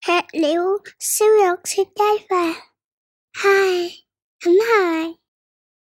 吃了燒肉切雞飯，嗨很嗨